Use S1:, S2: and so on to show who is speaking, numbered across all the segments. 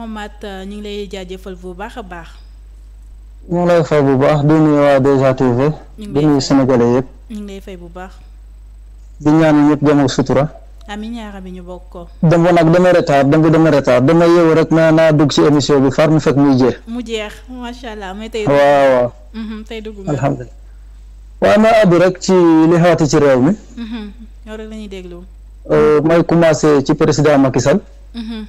S1: Laurent Mat euh, ñu ngi lay jaajëfal bu baax a baax.
S2: ñu ngi lay fay bu baax di nuyu waa 2A TV. di nuyu sénégalais yëpp.
S3: ñu ngi lay fay bu baax.
S2: di ñaan ñëpp jàmm ak sutura.
S3: amiin ñaara bi ñu bokk ko.
S2: dama nag dama retard dama dama retard dama yeewu rek naa naa dugg ci émission bi far mu fekk muy jeex.
S3: mu jeex macha allah mais tey. waaw waaw. Mhm, tey
S1: dugg
S2: nga alhamdulilah. waaw naa àddu rek ci li xewati ci réew mi. Mhm,
S1: yow rek la ñuy déglu.
S2: Euh, may commencé ci président Macky Sall. Mhm.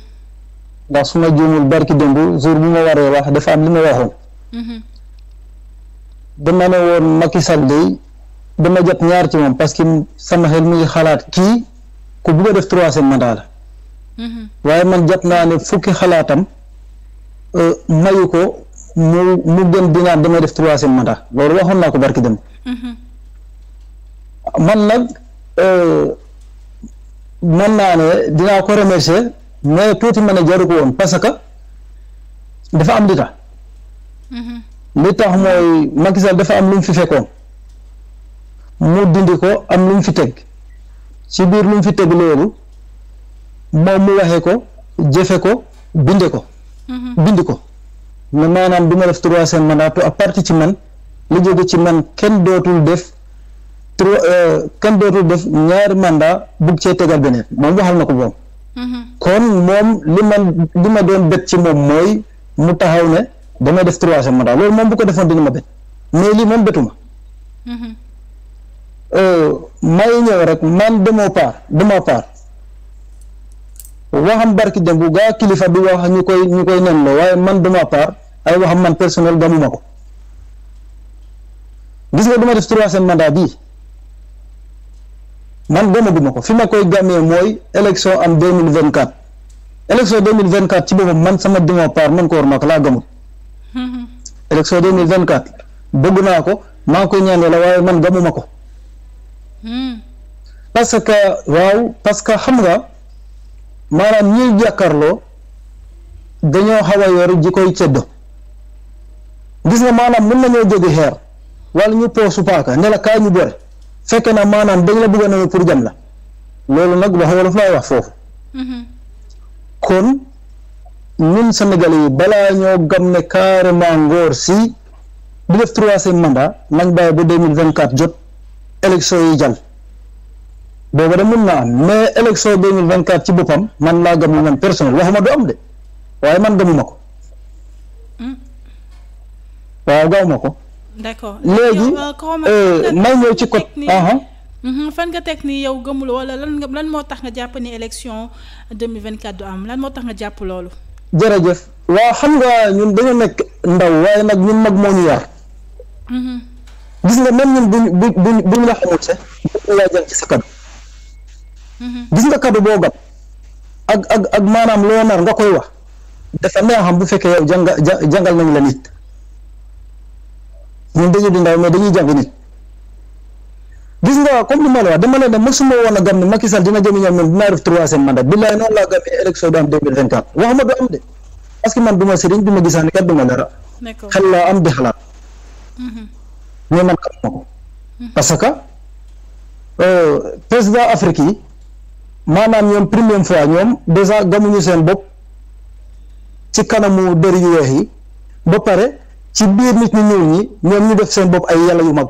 S2: ndax su ma juumul barki démb jour bi ma waree wax dafa am li ma waxoon mhm. dama ne woon Macky Sall day dama jot ñaar ci moom parce que sama xel mi ngi xalaat kii ku bugg a def troisième mandat la mhm. waaye man jot naa ne fukki xalaatam euh, mayu ko mu mu gën di damay def troisième mandat loolu waxoon naa ko barki démb mhm. man nag euh, mën naa ne dinaa ko remercier mais tuuti ma ne jaru ko woon parce que dafa am li tax mhm. li tax mooy Macky dafa am lu mu fi fekkoon mu dindi ko am lu mu fi teg ci biir lu mu fi teg loolu moom mu waxee ko jëfe ko binde ko mhm. bindi ko mais maanaam du ma def troisième mandat à partir ci man lu jóge ci man kenn dootul def trois euh, kenn dootul def ñaari mandat bugg cee tegal beneen moom waxal na ko boobu kon moom li ma li ma doon bët ci moom mooy mu taxaw ne damay def troisième mandat loolu moom bu ko defoon dina ma bët mais lii moom bëtuma euh, may ñëw rek man demoo paar demoo paar waxam barki dem bu gaa kilifa bi wax ñu koy ñu koy nen la waaye man duma part ay waxam man personnel gamuma ko gis nga duma def troisième mandat bii man ma ko fi ma koy gàmmee mooy élection am deux mille vingt quatre élection ci boppam man sama dima part man ko war naa ko laa gëmul élection deux mille bëgg naa ko maa koy ñaan la waaye man gëmuma ko hmm. parce que waaw parce que xam nga maanaam ñiy jàkkaarloo dañoo xaw a yor ji koy ceddo gis nga maanaam mën nañoo jóge xeer wala ñu poosu paaka ne la ñu bëre fekkee na maanaam dañ la bëgg a pour jam la loolu nag wax wolof laay wax foofu mm-hmm. kon ñun Sénégalais yi balaa ñoo gam ne carrément ngóor si bi def troisième mandat nañ baay ba deux mille vingt jot élection yi jàll booba de mun naa am mais élection deux ci boppam man laa gëm ne man personnel waxuma du am de waaye man gëmuma ko mm. waaw gawuma ko
S1: d'accord léegi euh, euh, may ñëw ci côté ah, ah. Mm-hmm, fan nga teg ni yow gëmul wala lan lan moo tax nga jàpp ni élection 2024 du am lan moo tax nga jàpp loolu
S2: jërëjëf waaw xam nga ñun dañu nekk ndaw waaye nag ñun mag moo ñu yar mm-hmm. gis nga même ñun buñ buñ buñ la xamul sax mm-hmm. ak ak ak maanaam loo nga koy wax dafa neexam bu fekkee yow jànga jàngal nañ la nit ñun dañu di ndaw mais dañuy jàng nit gis nga comme ni ma la wax dama leen ne suma woon a gëm ne Macky Sall dina jëm ñoom ñoom dinaa def troisième mandat billaay noonu laa gëmee élection du am deux mille du am de parce que man du ma sëriñ du ma gisaani kat du ma dara. xel laa am di xalaat. Mhm. mais man xam ma ko. Mhm. parce que euh, président Afrique yi maanaam ñoom première fois ñoom déjà gamuñu seen bopp ci kanamu dër yu weex yi ba pare. ci biir nit ñu ñëw ñi ñoom ñu def seen bopp ay yàlla yu mag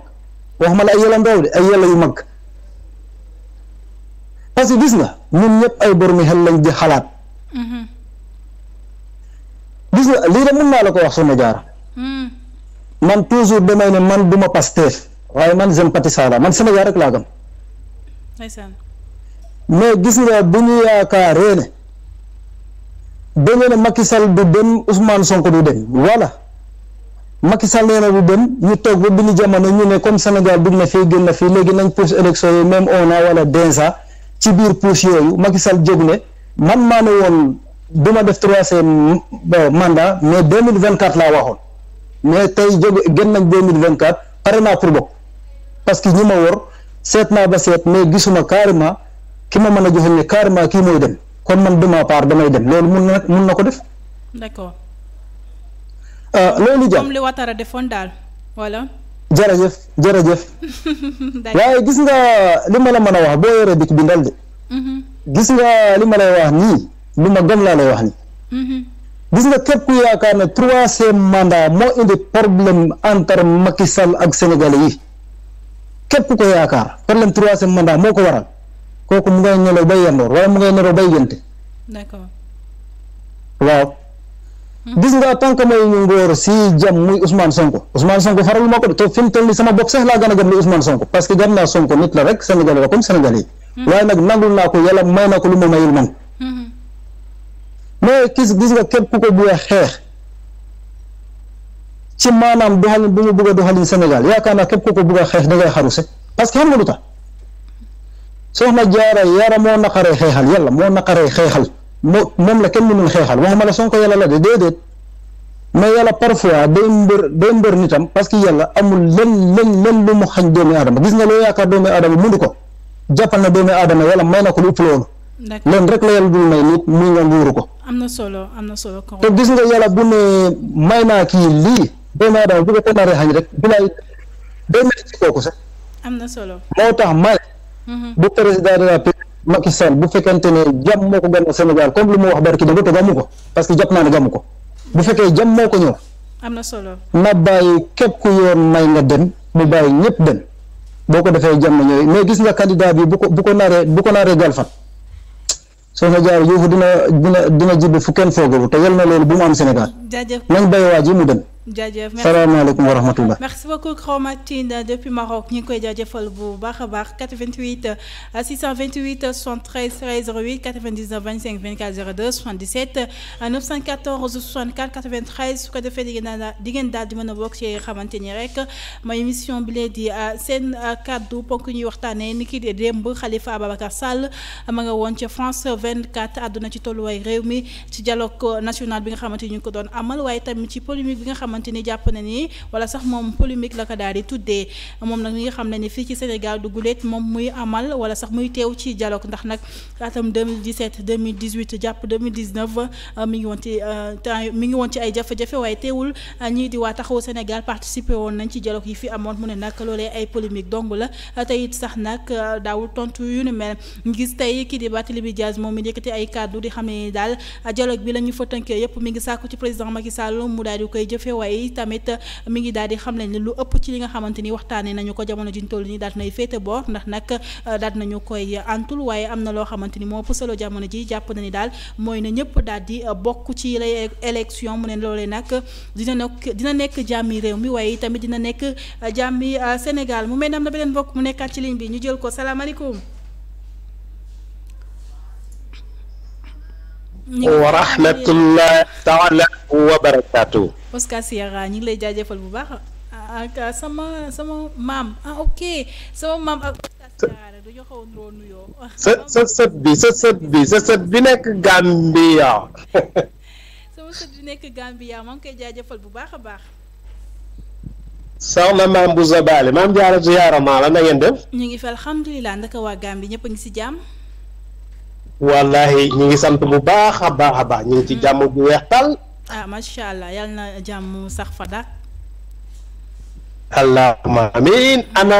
S2: waxuma la ay yàlla ndaw de ay yàlla yu mag parce que gis nga ñun ñëpp ay boromi xel lañ di xalaat mm-hmm. gis nga lii de mën naa la ko wax sama jaar mm. man toujours damay ne man duma pasteur waaye man sympathisant la man Sénégal rek laa gëm mais gis nga bu ñu yaakaaree ne dañu ne Macky Sall du dem Ousmane Sonko du dem voilà Macky Sall nee na du dem ñu toog ba bi ñu jamono ñu ne comme Sénégal dugg na fii génn na fii léegi nañ pousse élection yi même on a wala deux ci biir pousse yooyu Macky Sall jóg ne man maa ne woon du ma def troisième mandat mais deux mille vingt quatre laa waxoon mais tey jóg gën nañ deux mille vingt quatre pare naa pour bokk parce que ñi ma wor seet naa ba seet mais gisuma carrément ki ma mën a joxe ne carrément kii mooy dem kon man duma part damay dem loolu mun na mun na ko def. d'accord. Euh, loolu jàpp comme li
S1: Ouattara defoon daal voilà.
S2: jërëjëf jërëjëf.
S3: waaye gis
S2: nga li ma la mën a wax boo yoree bic bi ndal de. Mm-hmm. gis nga li ma lay wax nii lu ma gëm laa lay wax nii. Mm-hmm. gis nga képp ku yaakaar ne troisième mandat moo indi problème entre Macky Sall ak Sénégalais yi képp ku ko yaakaar problème troisième mandat moo ko waral kooku mu ngay nelaw bay yandoor wala mu ngay nelaw bay yënte. waaw. gis nga tànk may ñu ngóor si jam muy Ousmane Sonko Ousmane Sonko faral ma ko te fi mu toll sama bopp sax laa gën a gëm ni Ousmane Sonko parce que gëm naa Sonko nit la rek Sénégal la comme Sénégal yi waaye nag naa ko yàlla na ko lu ma mayul man mais gis gis nga képp ku ko bugg a xeex ci maanaam doxalin bu mu bugg a doxalin Sénégal yaakaar naa képp ku ko bugg xeex da ngay xaruse parce que xam nga lu tax soxna jaara yara moo naqaree xeexal yàlla moo naqaree xeexal moo moom la kenn mënul xeexal waxuma la Sonko yàlla la de déedéet mais yàlla parfois day mbër day mbër nitam parce que yàlla amul len len len lu mu xañ doomi aadama gis nga loo yaakaar doomi aadama mënu ko jàppal na doomi aadama yàlla may na ko lu ëpp loolu leen rek la yàlla dul may nit muy nga nguuru ko
S3: am na solo am na solo
S2: te gis nga yàlla bu ne may naa kii lii doomi aadama bu ko ko naree xañ rek bilaay day metti ci kooku sax am na solo moo tax may mhm. bu président de la Macky Sall bu fekkente ne jàmm moo ko gànnaaw Sénégal comme lu mu wax barki dama te gàmmu ko parce que jàpp naa ne gàmmu ko bu fekkee jàmm moo ko ñëw. am na solo na bàyyi képp ku yoon may nga dem mu bàyyi ñëpp dem boo ko defee jàmm ñooyu mais gis nga candidat bi bu ko bu ko naaree bu ko naaree soo nga jaaree Diouf dina dina dina jibbi fu kenn foogul te yal na loolu bu mu am Sénégal.
S1: jaajëf nañ bàyyi waa ji mu dem. jaajëf merci salaamaaleykum wa rahmatullah merci beaucoup Chromatine depuis Maroc ñu ngi koy jaajëfal bu baax a baax 88 628 73 08 99 25 24 02 77 914 64 93 su ko defee di ngeen daal di ngeen mën bokk ci xamante ni rek mooy émission bi lee di euh, seen euh, kàddu ponk ñuy waxtaanee ni ki démb Khalifa Ababacar Sall euh, ma nga woon ca France 24 àdduna ci tolluwaay réew mi ci dialogue national bi nga xamante ni ñu ko doon amal waaye tamit ci polémique bi nga xam. xamante ni jàpp na ni wala sax moom polémique la ko daal di tuddee moom nag mi nga xam ne ni fii ci Sénégal duguleet moom muy amal wala sax muy teew ci dialogue ndax nag atam 2017 euh, euh, ngi woon ci ay jafe-jafe waaye teewul euh, ñii di waa taxawu Sénégal participer woon nañ ci dialogue yi fi amoon mu ne nag loolee ay polémique dong la te it sax nag daawul tontu yu ni mel ngis tey kii di Barthélémy Dias moom mi yëkkati ay kàddu di xam ne daal dialogue bi waaye tamit mi ngi daal di xam leen lu ëpp ci li nga xamante ni waxtaanee nañu ko jamono ji toll nii daal nay féete boor ndax nag euh, daal nañu koy antul waaye am na loo xamante ni moo pusaloo jamono ji jàpp na ni daal mooy na ñëpp daal di euh, bokk ci lay élection mu ne loolee nag dina nekk dina nekk jàmmi réew mi waaye tamit dina nekk euh, jàmmi Sénégal mu mel ne am na beneen mbokk mu nekkaat ci ligne bi ñu jël ko salaamaaleykum. wa rahmatullahi taala
S4: wa barakaatu.
S1: Oscar Sierra ñu ngi lay jëfal bu baax ak sama sama maam ah ok sama maam ak.
S4: sa sa sët bi sa sët bi sa sët bi nekk Gambia.
S1: sama sët bi nekk Gambia maa ngi koy jaajëfal bu baax a baax.
S4: soxna maam bu Zabaale maam jaara ziyaara maa la na ngeen
S1: ñu ngi fi alhamdulilah ndaka waa Gambie ñëpp a ngi si jàmm.
S4: wallahi ñu ngi sant bu baax a baax a baax ñu ngi ci jàmm bu weex tal
S1: ah macha allah yal na jàmm sax fa dàq.
S4: allahumma amiin ana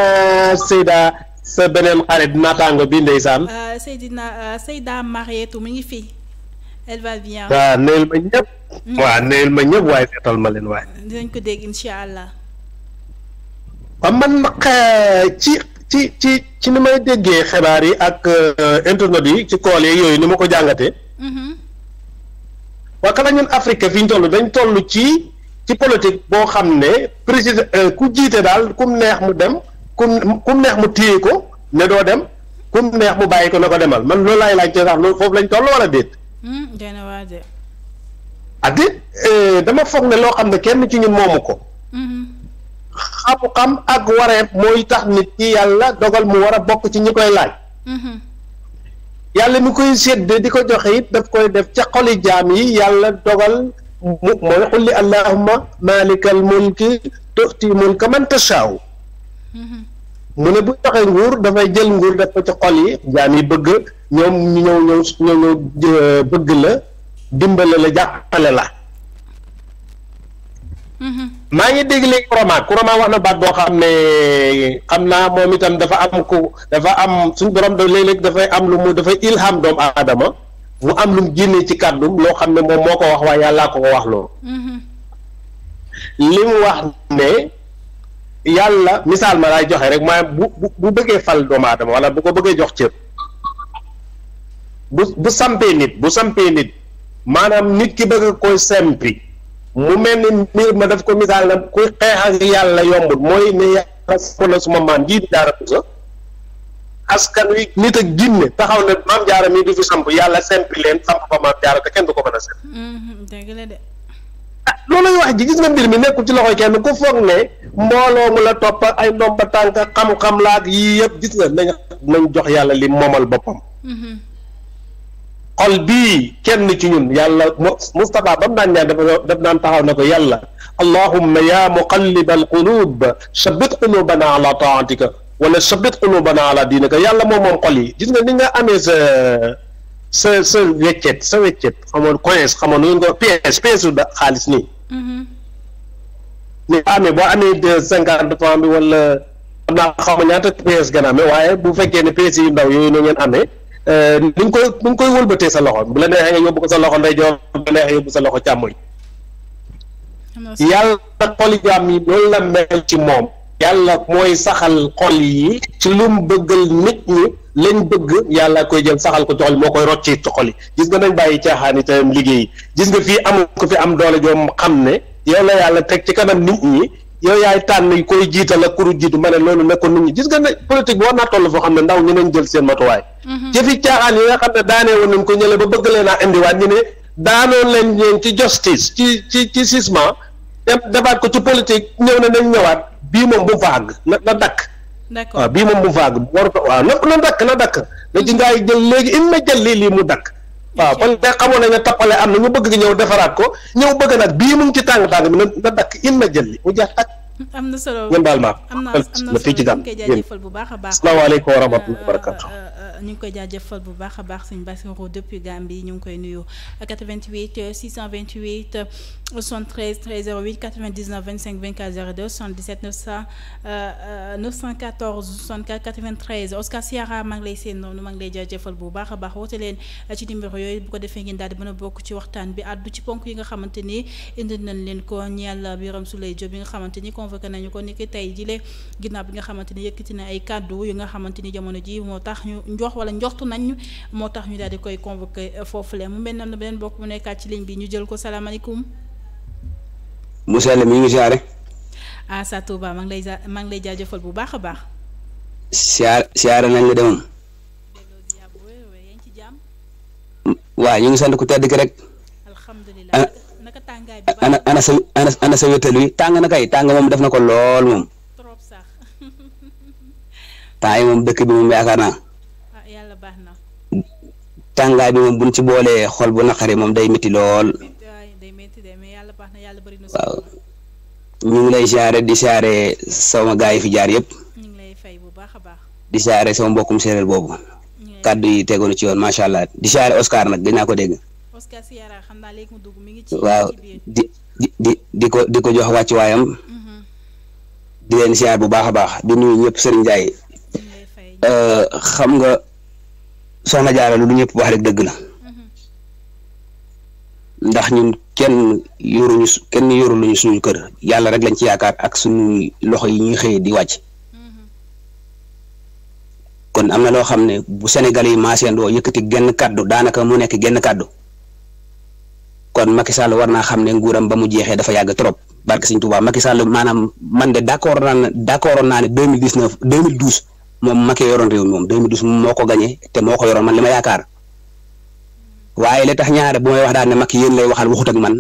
S4: Seyda sa beneen xarit naataango bi ndeysaan.
S1: Ah, Seydina ah, Seyda Marietu mi ngi fi. elle va bien. Ah,
S4: mm. waaw neel ma ñëpp. waaye seetal ma leen waaye.
S1: dinañ ko dégg incha allah.
S4: man eh, ci ci ci ci ni may déggee xibaar yi ak euh, internet bi ci kool yi yooyu ni ma ko jàngatee. Mm-hmm. waa kala ñun Afrique fi ñu toll dañ toll ci ci politique boo xam ne président euh, ku jiite daal kum neex mu dem kum kum neex mu téye ko ne doo dem kum neex mu bàyyi ko ne ko demal man loolu laay laajte sax loolu foofu lañ toll wala déet. Mm, ak it ah, euh, dama foog ne loo xam ne kenn ci ñun moomu ko. Mm-hmm. xam-xam ak wareef mooy tax nit ki yàlla dogal mu war a bokk ci ñi koy laaj mhm. yàlla mi koy séddee di ko joxe it daf koy def ca xoli jaam yi yàlla dogal mu mooy xulli allahumma maalikal mulki tu'ti mulka man tashaaw mhm. mu ne bu joxe nguur dafay jël nguur def ko ci xol yi jaam yi bëgg ñoom ñu ñëw euh, bëgg la dimbale la jàppale la mhm. maa ngi dégg léegi Kurama Kurama wax na baat boo xam ne xam naa moom itam dafa am ku dafa am suñ borom da léeg dafay am lu mu dafay ilham doomu aadama mu am lu mu génnee ci kàddum loo xam ne moom moo ko wax waaye yàllaa ko ko wax loolu mm-hmm. li wax ne yàlla misaal ma lay joxe rek maa bu bu bu bëggee fal doomu aadama wala bu ko bëggee jox cër bu bu sampee nit bu sampee nit maanaam nit ki bëgg koy sempi mu mel ni mbir ma daf ko misaal na kuy xeex ak yàlla yombul mooy ne yàlla sàkk na suma maam ji daara sa askan wi nit ak ginne taxaw na maam jaara mii du fi samp yàlla sempi leen samp fa maam jaara te kenn du ko mën a semp. Mm-hmm, dëgg ah, loolu wax ji gis nga mbir mi nekkul ci loxo kenn ku foog ne mbooloo mu la topp ay ndomba tànk xam-xam laak yii yëpp gis nga nañ nañ jox yàlla li moomal boppam. Mm-hmm. xol bii kenn ci ñun yàlla Moustapha ba mu daan ñaan dafa daf na ko yàlla allahumma ya muqallib al qulub sabbit qulubana ala taatika wala sabbit qulubana ala diinika yàlla moom moom xol yi gis nga ni nga amee sa sa sa weccet sa weccet xamoon coins ko pièce u xaalis nii mm-hmm. ni amee boo amee deux cinquante franc bi wala xam naa xaw ma ñaata waaye bu fekkee ne pièce yu ndaw yooyu no ngeen amee Euh, ni nga koy ni nga koy wëlbatee sa loxo bu la neexee nga yóbbu ko sa loxo ndeyjoor bu la neexee yóbbu sa loxo càmmoñ yàlla xoli jaam yi loolu la mel ci moom yàlla mooy saxal xol yi ci lu mu bëggal nit ñi lañ bëgg yàlla koy jël saxal ko ci xol moo koy rocci ci yi gis nga nañ bàyyi caaxaan yi tamit liggéey gis nga fii amul ko fi am doole joom xam ne yow la yàlla teg ci kanam nit ñi yooy yaay tànn koy jiital ak kuru jiitu ma loolu nekkoon nit ñi gis nga ne politique bi war naa toll foo xam ne ndaw ñu nañ jël seen matuwaay jëfi mhm. caaxaan yi xam ne daanee woon nañ ko ñële ba bëgg leen a indiwaat ñu ne daanoon leen ñeen ci justice ci ci ci sisement dem defaat ko ci politique ñëw na nañ ñëwaat bii moom bu mu fa àgg na na dakk
S1: waaw bii moom bu mu fa
S4: àgg waru ko waaw na na dakk na dakk da mhm. ci ngaay jël léegi na jël lii lii mu dakk waaw kon de xamoon nañ ne tappale am na ñu bëgg ñëw defaraat ko ñëw bëgg nag bii mu ngi ci tàng tàng bi na na dakk in na jël li mu jeex takk.
S1: am na solo ngeen baal ma
S4: am na am na solo fii ci gàmm. salaamaaleykum wa rahmatulah wa barakatuh euh, euh,
S1: ñu ngi koy jaajëfal bu baax a baax sëñ Bassirou depuis Gambie ñu ngi koy nuyu euh, lay seen noonu maa ngi lay jaajëfal bu baax a baax woote ci numéro yooyu bu ko defee ngeen daal di bokk ci waxtaan bi àddu ci ponk yi nga xamante indi nañ leen ko ñeel Birame Souleye Diop bi nga xamante ni nañu ko ni ki tey jile bi nga xamante yëkkati na ay kàddu yu nga xamante jamono ji moo tax ñu wax wala nañ moo tax ñu daal di koy convoqué foofule mu mel na beneen bokk mu nekkaat ci ligne bi ñu jël ko salaamaaleykum.
S5: Moussa Lam mi ngi siyaare.
S1: ah sa Touba maa ngi lay maa ngi bu baax a baax.
S5: siyaar siyaare nañ la demoon. waaw ñu ngi sant ku tedd ki rek. alhamdulilah naka tàngaay bi ana ana sa ana sa wétal wi tàng na kay tàng moom def na ko lool moom. trop sax. moom dëkk bi moom yaakaar naa. tàngaay bi moom buñ ci boolee xol bu naqari moom day métti lool waaw ñu ngi lay siyaare di siyaare sama gaay yi fi jaar yëpp di siyaare sama mbokkum séeréer boobu kàddu yi tegoonu ci yoon macha allah di siyaare Oscar nag gën naa ko dégg waaw di di di ko di ko jox wàcc waayam mm-hmm. di leen siyaar bu baax a baax di nuyu ñëpp Serigne Ndiaye euh, xam nga. soxna jaara lu ñëpp wax rek dëgg la ndax ñun kenn yoruñu kenn yoruluñu suñu kër yàlla rek lañ ci yaakaar ak suñu loxo yi ñuy xëyee di wàcc kon am na loo xam ne bu Sénégal yi maasandoo yëkkati genn kàddu daanaka mu nekk genn kàddu kon Macky Sall war naa xam ne nguuram ba mu jeexee dafa yàgg trop barke Sëñ Tuubaa Macky Sall maanaam man de d' accord naa ne d' accord naa ne deux mille dix neuf moom Macky yoroon réew mi moom 2012 moo ko gagné te moo ko yoroon man li yaakaar waaye li tax ñaare bu may wax daal ne Macky yéen lay waxal waxut ak man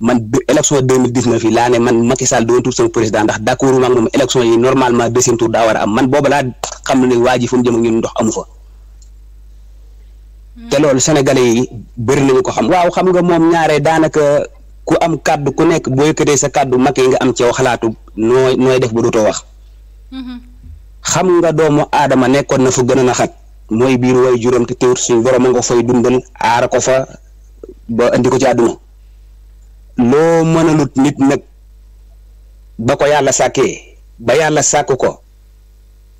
S5: man bi élection 2019 yi laa ne man Macky Sall doon tuut président ndax d'accord ma ak moom élection yi normalement deuxième tour daa war a am man booba laa xam ne waa ji fu mu jëm ak ñun ndox amu fa. te hmm. loolu sénégalais yi bëri nañu ko xam waaw xam nga moom ñaaree daanaka ku am kàddu ku nekk boo yëkkatee sa kàddu Macky nga am ci xalaatu nooy nooy def ba dootoo wax. Hmm. xam nga doomu aadama nekkoon na fa gën a naxat mooy biir way juróom te teewut suñ borom a nga fay dundal aar ko fa ba indi ko ci àdduna loo mën a lut nit nag ba ko yàlla sàkkee ba yàlla sàkk ko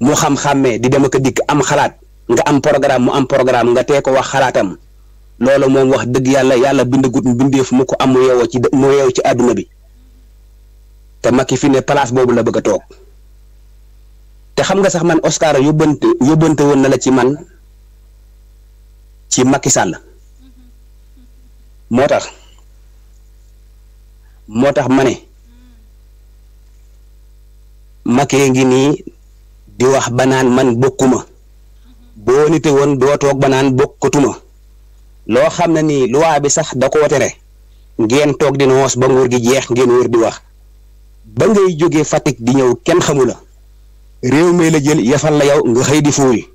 S5: mu xam-xàmmee di dem ko dikk am xalaat nga am programme mu am programme nga tee ko wax xalaatam loolu moom wax dëgg yàlla yàlla bindagut bindeef mu ko am mu yeewoo ci mu yeew ci àdduna bi te Macky fi ne place boobu la bëgg a toog te xam nga sax man Oscar yóbbante yóbbante woon na la ci man ci Macky Sall moo tax moo tax ma ne Macky ngi nii di wax ba naan man bokkuma boo nite woon doo toog ba naan bokkatuma loo xam ne nii loi bi sax da koo tere ngeen toog di noos ba nguur gi jeex ngeen wér di wax ba ngay jógee Fatick di ñëw kenn xamu la réew mi la jël yafal la yow nga xëy di fuuri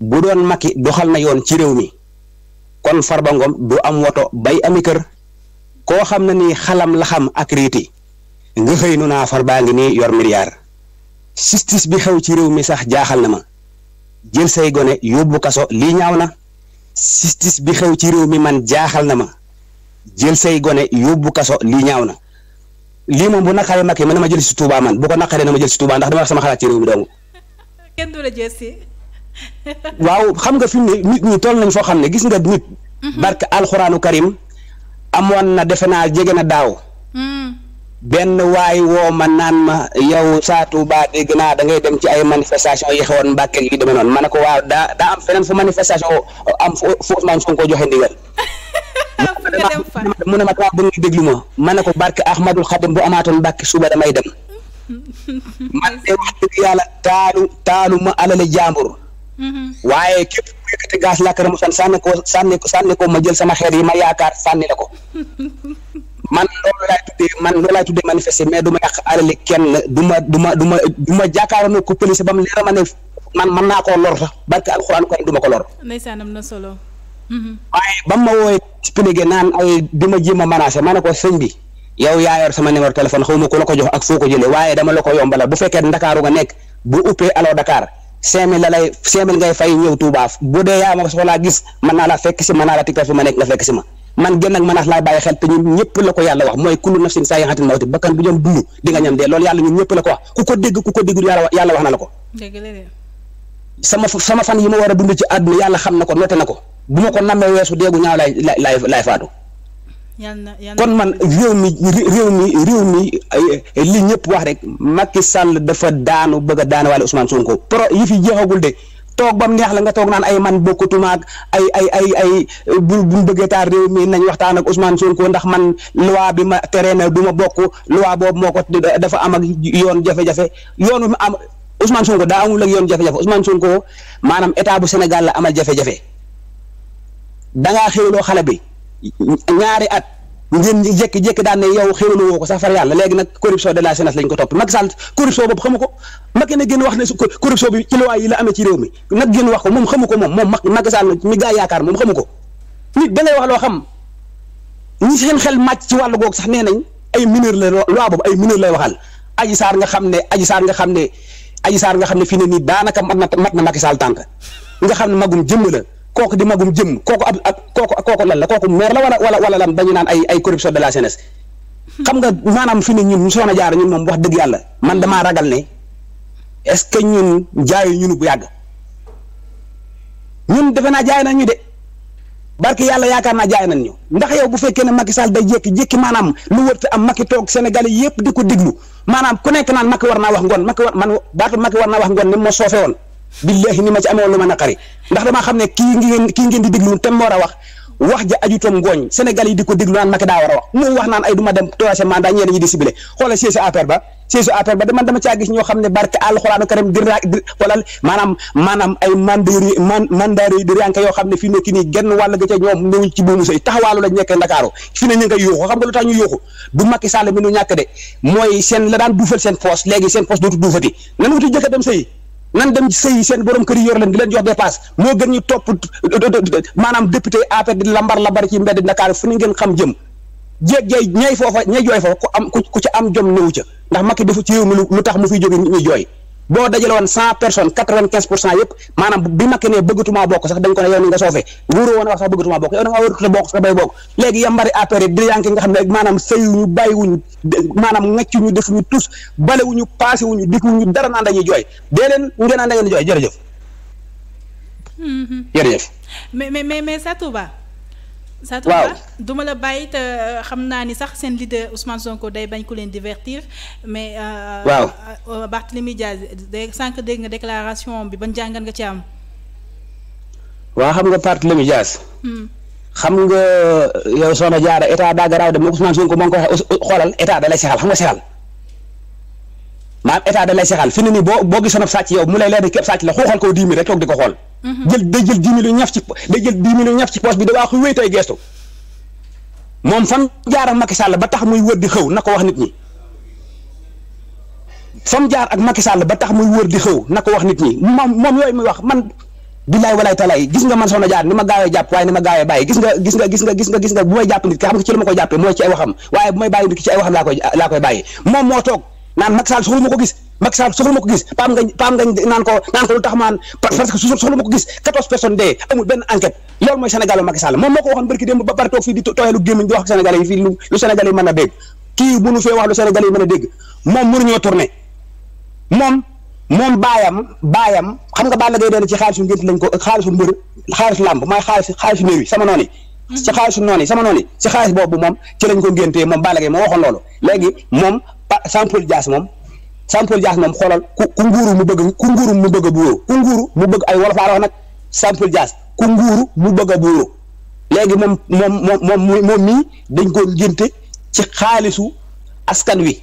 S5: bu doon Macky doxal na yoon ci réew mi kon Farba Ngom du am woto bay ami kër koo xam ne nii xalam la xam ak riiti nga xëy nu naa Farba ngi nii yor milliard justice bi xew ci réew mi sax jaaxal na ma jël say gone yóbbu kaso lii ñaaw na justice bi xew ci réew mi man jaaxal na ma jël say gone yóbbu kaso lii ñaaw na lii moom bu naqaree Macky man dama jël si Touba man bu ko naqaree dama jël si Touba ndax dama wax sama xalaat ci réew mi dong. waaw xam nga fi mu ne nit ñi toll nañ foo xam ne gis nga nit. Mhm. barke alxuraanu karim amoon na defe naa jege na daaw. Mhm. benn waay woo ma naan ma yow saa Touba dégg naa da ngay dem ci ay manifestation yi xewoon Mbàkke yi deme noonu man ne ko waaw daa daa am feneen fu manifestation am fu Ousmane ko joxe ndigal. fu nga dem fa mu ne ma kaa bëgg nga déglu ma ma ne ko barke Ahmadul Xadim bu amaatoon mbàkki suba damay dem man de wax dëgg yàlla taalu taalu ma alale jàmbur waaye képp ku yëkkati gaas làkkara mu san sànni ko sànni ko sànni ko ma jël sama xeer yi ma yaakaar sànni la ko man loolu laay tuddee man loolu laay tuddee manifester mais du ma yàq alali kenn du ma du ma du ma du ma jàkkaaroon ko police ba mu leer man naa ko lor sax barke alxuraan ko du ma ko lor.
S1: ndeysaan am na solo. Mm-hmm.
S5: waaye ba ma wooyee expliqué naan ay di ma jéem a menacé ma ne ko sëñ bi yow yaa yor sama numéro téléphone xaw ma ku la ko jox ak foo ko jëlee waaye dama la ko yombala bu fekkee ndakaaru nga nekk bu uppee allo Dakar cinq mille la lay cinq mille ngay fay ñëw Touba bu dee yaa ma soxlaa gis mën naa la fekk si mën naa la tikkat fi ma nekk nga fekk si ma man gën ak mën laa bàyyi xel te ñëpp la ko yàlla wax mooy kullu nafsin saa yaxatin mawti bakkan bu jëm dund di nga ñam dee loolu ñëpp la ko wax ku ko dégg ku ko dégg yàlla yàlla wax na la ko sama sama fan yi ma war a dund ci àdduna yàlla xam na ko noté na ko bu ma ko nammee weesu deegu ñaaw laay laay laay faatu. kon man réew mi réew mi réew mi li ñëpp wax rek Macky Sall dafa daanu bëgg a daanu waale Ousmane Sonko pro yi fi jeexagul de toog bam neex la nga toog naan ay man bokkatuma ak ay ay ay ay bu buñ bëggee taal nañ waxtaan ak Ousmane Sonko ndax man loi bi ma tere na du ma bokk loi boobu moo ko dafa am yoon jafe-jafe yoonu am Ousmane Sonko daa amul ak yoon jafe-jafe Ousmane ko maanaam état bu Sénégal la amal jafe-jafe. dangaa xéwloo xale bi ñaari at ngeen jékki-jékki daan ne yow xéwloo woo ko sax far la léegi nag corruption de la jeunesse lañ ko topp Macky Sall corruption boobu xamu wax ne su corruption bi ci loi yi la amee ci réew mi nag génn wax ko moom xamu ko moom moom Macky Sall mi gaa yaakaar moom xamu ko nit da ngay wax loo xam ñi seen xel màcc ci wàllu googu sax nee nañ ay mineur la loi boobu ay mineur lay waxal Adji Sarr nga xam ne Adji Sarr nga xam ne Adji nga xam ne fii ne nii daanaka mat na mat na Macky Sall tànk nga xam ne magum jëmm la kooku di magum jëm kooku ab ak kooku kooku lan la kooku maire la wala wala dañu naan ay ay corruption de la jeunesse xam nga maanaam fi ne ñun soxna jaar ñun moom wax dëgg yàlla man damaa ragal ne est-ce que ñun jaayu ñunu bu yàgg ñun defe naa jaay nañ ñu de barke yàlla yaakaar naa jaay nañ ñu ndax yow bu fekkee ne Macky Sall day jékki-jékki maanaam lu wër am Macky toog Sénégalais yëpp di ko déglu maanaam ku nekk naan Macky war naa wax ngoon Macky man baatu Macky war wax ngoon ni ma soofee woon. billahi ni ma ci amee lu ma naqari ndax damaa xam ne kii ngeen kii ngeen di déglu tem war a wax wax ja aju tom ngooñ Sénégal yi di ko déglu naan Macky daa war a wax moom wax naan ay du ma dem a mandat ñeneen man ne barke yoo xam ne fii nekk nii genn wàll ga ca ñoom ñëwuñ ci buumu sëy taxawaalu la ñekkee Ndakaaru fi ne ñu yuuxu xam nga lu tax ñu yuuxu du Macky Sall nu ñàkk de mooy seen la daan duufal seen poste léegi seen poste dootu duufati nan wuti jëkk dem sëy nan dem sëy seen borom kër yi yor leen di leen jox dépasse moo gën ñu topp maanaam député APR e di lambar lambar ci mbedd Dakar fu ni ngeen xam jëm jéeg jay ñay foofa ñay jooy foofa ku am ku ci am jom néew ca ndax Macky dafa ci réew mi lu tax mu fiy jóge ñu jooy boo dajale woon cent personnes quatre vingt quinze pour cent yëpp maanaam bi Macky ne bëggatumaa bokk sax dañ ko ne yow ni nga soofe wóoroo woon wax sax bëggatumaa bokk yow na nga wóorutute bokk sax bay bokk léegi yambari affaire yi diriyanke nga xam ne maanaam sëyuñu bàyyiwuñu maanaam ŋeccuñu defuñu tus balewuñu paasewuñu dikkuñu dara naan dañuy jooy dee leen ngeen a da ngeen di jooy hmm, hmm. jërëjëf
S1: mais mais mais Satouba Satou Ba duma la bàyyi te euh, xam naa ni sax seen leader Ousmane Sonko day bañ ku leen divertir mais. Euh, waaw euh, Barthélémy Diaz de sànq dégg nga déclaration bi ban jàngat nga ci am.
S2: waaw
S5: xam nga Barthélémy Diaz. Hmm. xam nga yow soxna jaara état daa na fi mu ne nii boo boo gisoon ab sàcc yow mu lay leer ni képp sàcc la xooxal ko diimi rek toog di ko xool. Mhm. jël da jël dix millions ñaf ci day jël dix millions ñaf ci bi da waaxu wéy tey geestu moom fan jaar ak Macky Sall ba tax muy wër di xëw na ko wax nit ñi fam jaar ak Macky Sall ba tax na ko wax nit ñi moom moom yooyu muy wax man billaay walaay talaay gis nga man soxna jaar ni ma gaawee jàpp waaye ni ma gaawee bàyyi gis nga gis nga gis nga gis nga gis nga bu may jàpp nit ki xam nga ci la ma koy jàppee mooy ci ay waxam waaye bu may bàyyi nit ki ci ay waxam laa koy bàyyi moom moo toog naan Macky Sall soxla ma ko gis Macky Sall soxla ma ko gis paam ngañ naan ko naan ko lu tax maan parce ma ko gis quatorze personnes dee amul benn enquête loolu mooy Sénégal Macky Sall moom moo ko waxoon barki démb ba toog fii di tooyalu gémmiñ di wax ak Sénégalais lu Sénégalais yi a dégg kii mënu fee wax lu Sénégalais yi a dégg moom mënuñoo tourné moom moom baayam baayam xam nga Balla Gaye deen ci xaalisu ngént lañ ko xaalisu mbër xaalisu làmb maay xaalis xaalisu néew sama noonu mm-hmm. boobu moom ko ngéntee moom Balla Gaye moo pa Jean-Paul Dias moom Jean-Paul Dias moom xoolal ku ku nguuru mu bëgg ku nguuru mu bëgg a mu bëgg ay wolof a wax nag Jean-Paul Dias ku nguuru mu bëgg a buuroo léegi moom moom moom moom moom mii dañ koo ngénte ci xaalisu askan wi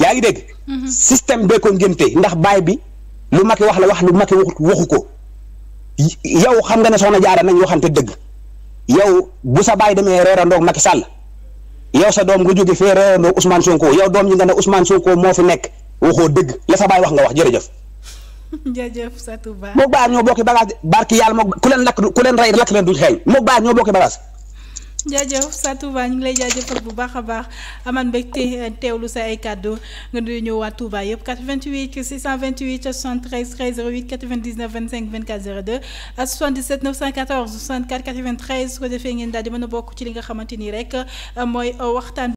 S5: yaa ngi dégg. Mhm. système bee ko ngénte ndax baay bi lu Macky wax la wax lu Macky waxut waxu ko yow xam nga ne na jaara nañ waxante dëgg yow bu sa baay demee reerandoog Macky Sall. yow sa doom nga jóge fee reerandoo Ousmane Sonko yow doom ñi nga ne Ousmane Sonko moo fi nekk waxoo dëgg la sa baay wax nga wax jërëjëf. jërëjëf Satou Ba. moo baar ñoo bokki bagage barki yàlla moo ku leen lakk ku leen rey lakk leen duñ xeeñ moo baar ñoo bokki bagage.
S1: jaajëf Sa Touba ñu ngi lay jaajëfal bu baax a baax aman mbégte euh, teewlu sa ay kàddu nga nuyu ñëw waa Touba yëpp 88 628 73 13 08 99 25 24 02 77
S3: 914 64 93 su ko defee ngeen daal di mën a bokk ci li nga xamante ni rek euh, mooy euh, waxtaan.